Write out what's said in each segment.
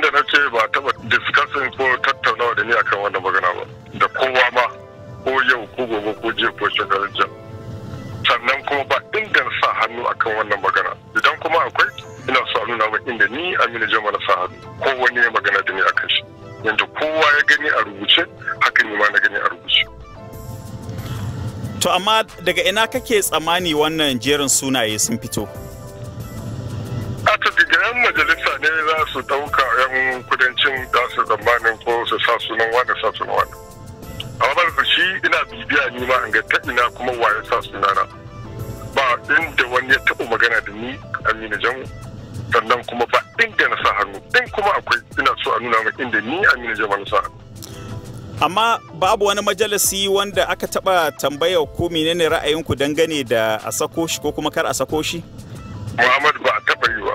lokacin da na ce ba taba discussing ko tattaunawa da ni akan wannan magana ba da kowa ma ko yau ko gobe ko jiya ko shekarun sannan kuma ba inda na sa hannu akan wannan magana idan kuma akwai ina so a nuna inda ni Aminu Jama na sa hannu ko wani ya magana da ni akan shi yanzu kowa ya gani a rubuce hakan ni ma na gani a rubuce to amma daga ina kake tsammani wannan jerin sunaye sun fito a yan majalisa ne za su ɗauka yan kudancin da su tsammanin ko su sa sunan wani sa sunan wani amma da shi ina bibiya ni ma ga ta ina kuma waye sa sunana ba inda wani ya taɓa magana da ni amina jan sannan kuma ba inda na sa hannu in kuma akwai ina so a nuna ma inda ni amina jan wani sa hannu amma babu wani majalisi wanda aka taba tambayar ko menene ra'ayinku dangane da a sako shi ko kuma kar a sako shi Muhammad ba a taba yi ba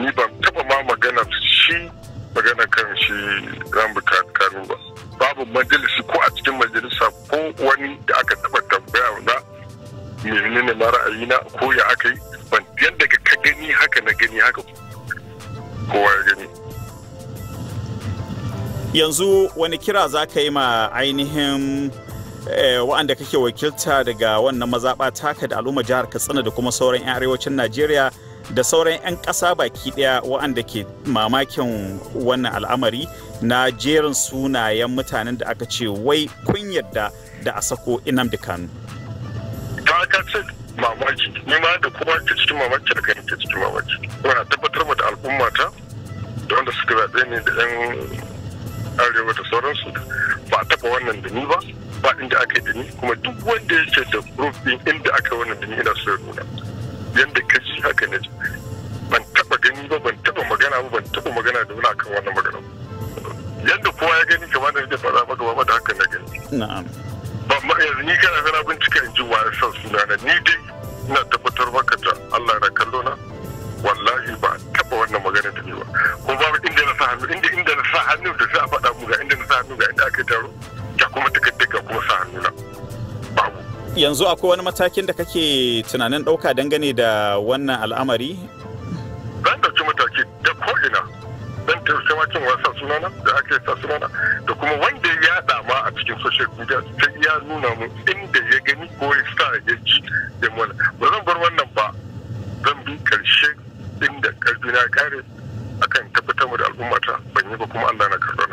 ni ban taba ma magana shi magana kan shi rambuka kano ba babu majalisi ko a cikin majalisa ko wani da aka taba tambaya na ne mara ra'ayina ko ya aka yi ban yadda ka gani haka na gani haka kowa ya gani yanzu wani kira za ka yi ma ainihin Eh, wa'anda kake wakilta daga wannan mazaɓa taka da al'umma jihar katsina da kuma sauran 'yan arewacin najeriya da sauran 'yan ƙasa baki ɗaya wa'anda ke mamakin wannan al'amari na jerin sunayen mutanen da aka ce wai kun yadda da a sako inam da kanu mamaki ni ma da kuma ke cikin mamaki da kai ke cikin mamaki wana tabbatar da al'umma ta da wanda suka zaɓe ni da 'yan arewa da sauransu ba taɓa wannan da ni ba ba inda aka yi da kuma duk wanda yake da proof din inda aka wannan da ina so ya nuna yanda ka ji haka ne ban taba gani ba ban taba magana ba ban taba magana da wani akan wannan magana yanda kowa ya gani kamar da nake faɗa maka ba da haka na gani na'am ba ma yanzu ni kana sana bincika in ji wa ya sa na ni dai ina tabbatar maka da Allah na kallo na wallahi ba taba wannan magana da ni ba ko babu inda na sa hannu inda inda na sa hannu da yanzu akwai wani matakin da kake tunanin ɗauka dangane da wannan al'amari zan ɗauki mataki da ko'ina zan taushe wakin wasan sunana da ake sa sunana da kuma wanda ya yaɗa ma a cikin social media sai ya nuna mu inda ya gani ko ya sa ya ji da mana ba zan bar wannan ba zan bi karshe inda karfi na kare akan tabbatar da al'ummata ban yi ba kuma Allah na karɓa